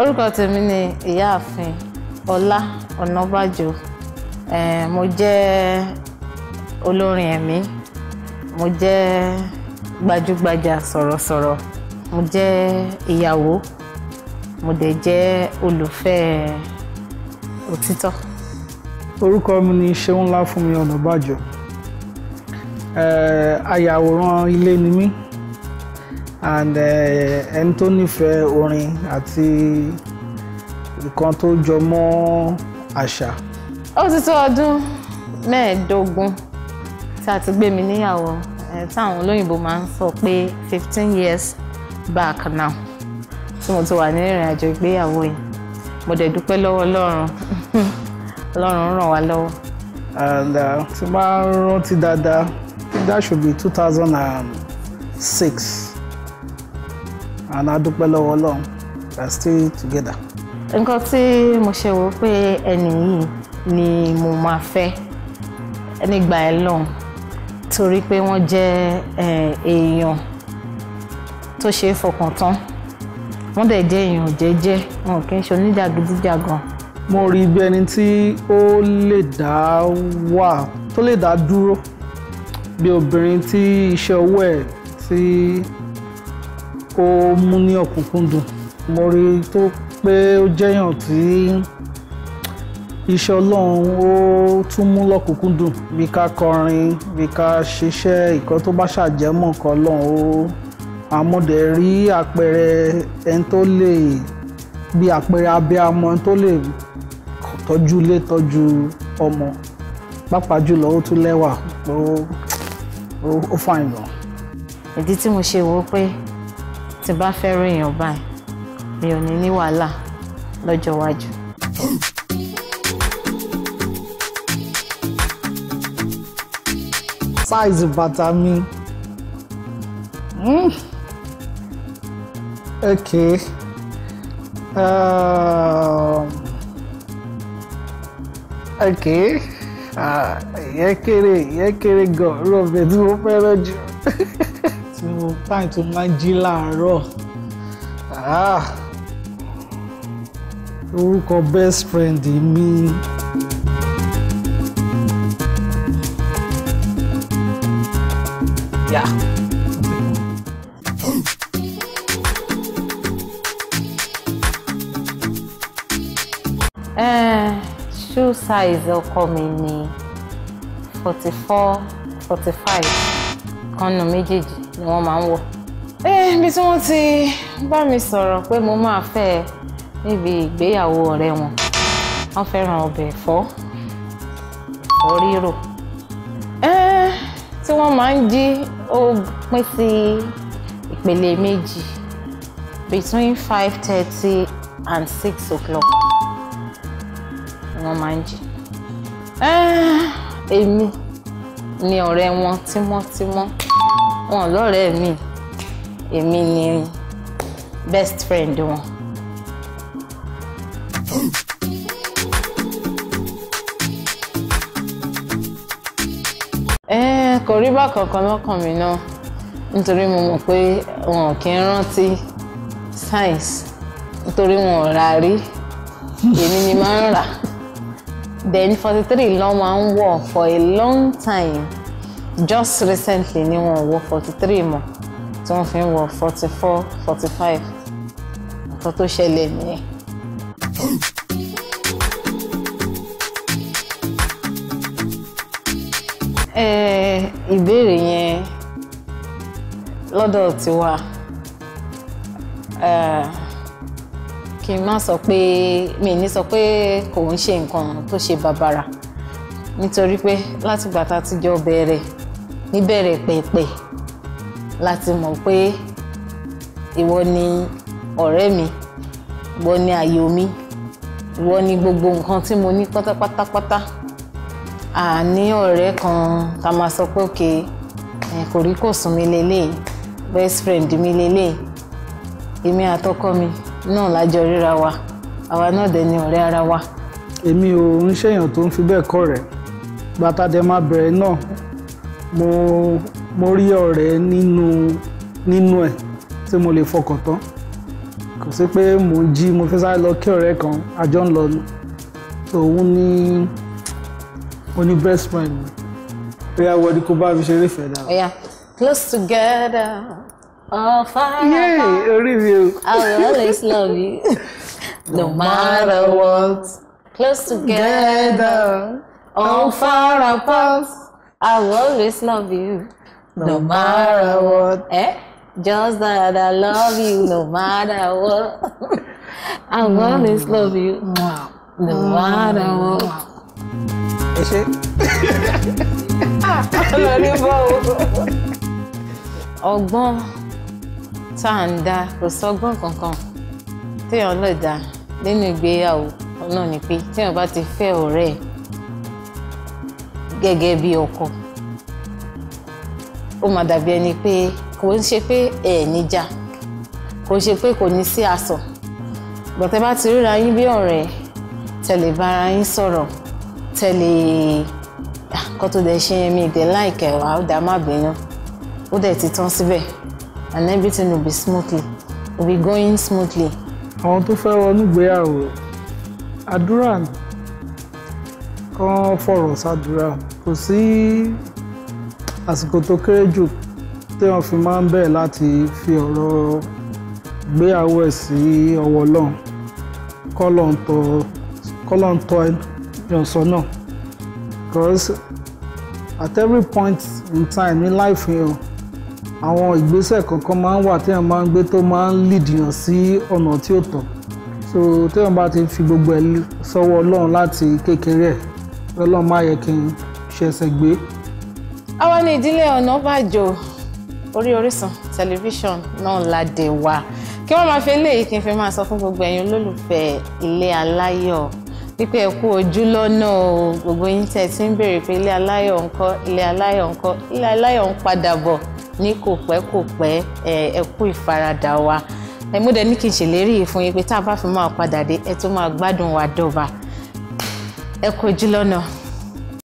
orúkọ tèmi ni ìyáàfin ọlá ọ̀nàbàjọ mo jẹ́ olórin ẹ̀mí mo jẹ́ gbajúgbajà sọ̀rọ̀sọ̀rọ̀ mo jẹ́ ìyàwó mo dẹ̀ jẹ́ olùfẹ́ òtítọ́. orúkọ mi ni ṣeun ńlá fún mi ayàwòrán ilé ni mí. Eh, and eh, ẹni tó nífẹ̀ẹ́ orin àti nǹkan tó jọ mọ́ àṣà. ó ti tó ọdún mẹ́ẹ̀ẹ́dógún tá a ti gbé mi níyàwó eh, táwọn olóyìnbó máa ń sọ pé fifteen years back now tí mo ti wà ní ìrìn àjò ìgbéyàwó yìí mo dẹ̀ dúpẹ́ lọ́wọ́ ọlọ́run ọlọ́run ràn wá lọ́wọ́. and máa eh, ń rántí dáadáa that should be two thousand and six and a dúpẹ́ lọ́wọ́ Ọlọ́run we are still together. nǹkan tí mo ṣe wò pé ẹni yìí ni mo máa fẹ́ nígbà ẹ lọ́hùn torí pé wọ́n jẹ́ èèyàn tó ṣe é fọkàn tán wọ́n dẹ̀ jẹ́ èèyàn jẹ́jẹ́ wọn kì í ṣe oníjàgídíjàgan. mo rí bí ẹni tí ó lè dá wà tó lè dá dúró bí obìnrin tí iṣẹ́ owó ẹ̀ tí. Tí kó mú ní ọ̀kúnkúndùn mo rí i tó pé ó jẹ́yàn tí iṣẹ́ ọlọ́run ó tún mú lọ́kúnkúndùn bí ká kọrin bí ká ṣiṣẹ́ ìkan tó bá ṣàjẹmọ́ nǹkan ọlọ́run ó àmọ́dẹ̀ rí àpẹẹrẹ ẹni tó lè bí àpẹẹrẹ abiyamọ ẹni tó lè tọ́jú ilé tọ́jú ọmọ pàápàá jùlọ ó tún lẹ́wà ó fàìyàn. ìdí tí mo ṣe wò ó pé tí bá fẹ́ rí èèyàn báyìí mi ò ní ní wàhálà lọ́jọ́ iwájú. size bàtà mi mm. okay um. okay ah, yẹ kéré yẹ kéré gan-an tí mo fẹ́ràn jù. tí mo táyì tó máa ń jí láàárọ̀ ah, orúkọ best friend mi. Yeah. Uh, shoe size ọkọ mi ni forty four forty five kọ́nù méjèèjì ni wọ́n máa ń wọ̀. ẹ ibi tí wọ́n ti bá mi sọ̀rọ̀ pé mo máa fẹ́ ẹ níbi ìgbéyàwó ọ̀rẹ́ wọn wọ́n fẹ́ràn ọbẹ̀ ẹ̀fọ́ ẹ̀fọ́ rírò tí wọ́n máa ń jí ó pín sí ìpele méjì between five thirty and six o'clock ni wọ́n máa ń jí. èmi ni ọ̀rẹ́ wọn tímọ́tímọ́ wọn lọ́rẹ̀ẹ́ mi èmi ni best friend wọn. kò rí bákan kan lọ́kàn mi náà nítorí mo mọ̀ pé wọn ò kí rántí science nítorí wọn ò rà rí èmi ni máa ń rà then forty three lọ́ máa ń wọ̀ for a long time just recently ni wọ́n wọ forty three mọ́ tí wọ́n fi ń wọ forty four forty five nǹkan tó ṣẹlẹ̀ nìyẹn. ìbéèrè yẹn lọ́dọ̀ tiwa kí n má sọ pé mi ní sọ pé kò ń ṣe nǹkan tó ṣe bàbàrà nítorí pé látìgbà tá a ti jọ bẹ̀rẹ̀ níbẹ̀rẹ̀ pẹ̀pẹ̀ láti mọ̀ pé ìwọ ni ọ̀rẹ́ mi ìwọ ni àyò mi ìwọ ni gbogbo nǹkan tí mo ní pátápátápátá àní ọ̀rẹ́ kan tá a máa sọ pé òkè kò rí kò mi lélẹ́yìí best friend mi lélẹ́yìí èmi àtọkọ mi náà lájọ ríra wa àwa náà dẹ̀ ni ọ̀rẹ́ ara wa. èmi ò ń ṣèyàn tó ń fi bẹ́ẹ̀ kọ́ rẹ̀ bàtà dẹ̀ máa bẹ̀rẹ̀ náà mo mo rí ọ̀rẹ́ nínú nínú ẹ̀ tí mo lè fọkàn tán kò sí pé mò ń jí mo fẹ́ sáré lọ kí ọ̀rẹ́ kan àjọ ń lọ ni òun ní òun ní best friend mi bóyá wọ́n ní kó bá mi ṣe eré ìfẹ́ dára. oya close together all fire. yéé orí always love you no matter what close together all far apart. I will always love you, no, no matter what. Eh? Just that I love you, no matter what. I will always mm. love you, no matter mm. what. Ẹ ṣe. Ọlọ́ni bá wo. Ọgbọ́n tá à ń dá kò sọ́gbọ́n kankan téèyàn lè dá nínú ìgbéyàwó náà ni pé téèyàn bá ti fẹ́ ọ̀rẹ́ ẹ̀ gẹ́gẹ́ bí ọkọ ó máa dàbí ẹni pé kò ń ṣe pé ẹ níjà kò ń ṣe pé kò ní sí asọ̀ gbọ̀tẹ́ bá ti ríra yín bí ọ̀rẹ́ tẹ̀lé bára yín sọ̀rọ̀ tẹ̀lé kan ṣe yẹn mi dẹ̀ láìkẹ̀ wá ó dàá má bínú ó dẹ̀ ti tán síbẹ̀ and everything will be smoothly will be going smoothly. àwọn tó fẹ́ wọnú ìgbéyàwó àdúrà kán fọ̀rọ̀ sádúrà kò sí àsìkò tó kéré jù téèyàn fi máa ń bẹ̀rẹ̀ láti fi ọ̀rọ̀ gbéyàwó ẹ̀ sí ọwọ́ ọlọ́run kọ́lọ̀ ń tọ́ èèyàn sọ́nà because at every point in time in life, yàn àwọn ìgbésẹ̀ kankan máa ń wà téèyàn máa ń gbé tó máa ń lead yàn sí ọ̀nà tí ó tọ́ so téèyàn bá ti fi gbogbo ẹ̀ sọ́wọ́ ọlọ́run láti kékeré ẹ̀ ọlọ́run má yẹ kí n ṣẹ̀ṣẹ̀ gbé. àwa ni ìdílé Ọ̀nàbàjọ́ orí Orísun tẹlifíṣàn náà la dé wa kí wọ́n máa fi eléyìí kí n fi máa sọ fún gbogbo ẹ̀yin olólùfẹ́ ilé aláyọ̀ wípé ẹ ojú lọ́nà o gbogbo yín tẹ̀ tí ń béèrè pé ilé aláyọ̀ ńkọ́ ilé aláyọ̀ ńkọ́ ilé aláyọ̀ ń padà bọ̀ ní kò pẹ́ kò pẹ́ ẹ kú ìfaradà wa ẹ mú dẹ ní kí n ṣèlérí fún yín pé tá a bá fi máa padà dé ẹ tó máa gbádùn wa dọ̀ba ẹ kojú lọ́nà.